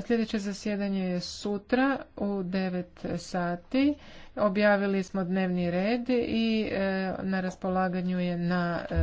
Sljedeće zasjedanje je sutra u 9 sati. Objavili smo dnevni red i e, na raspolaganju je na e,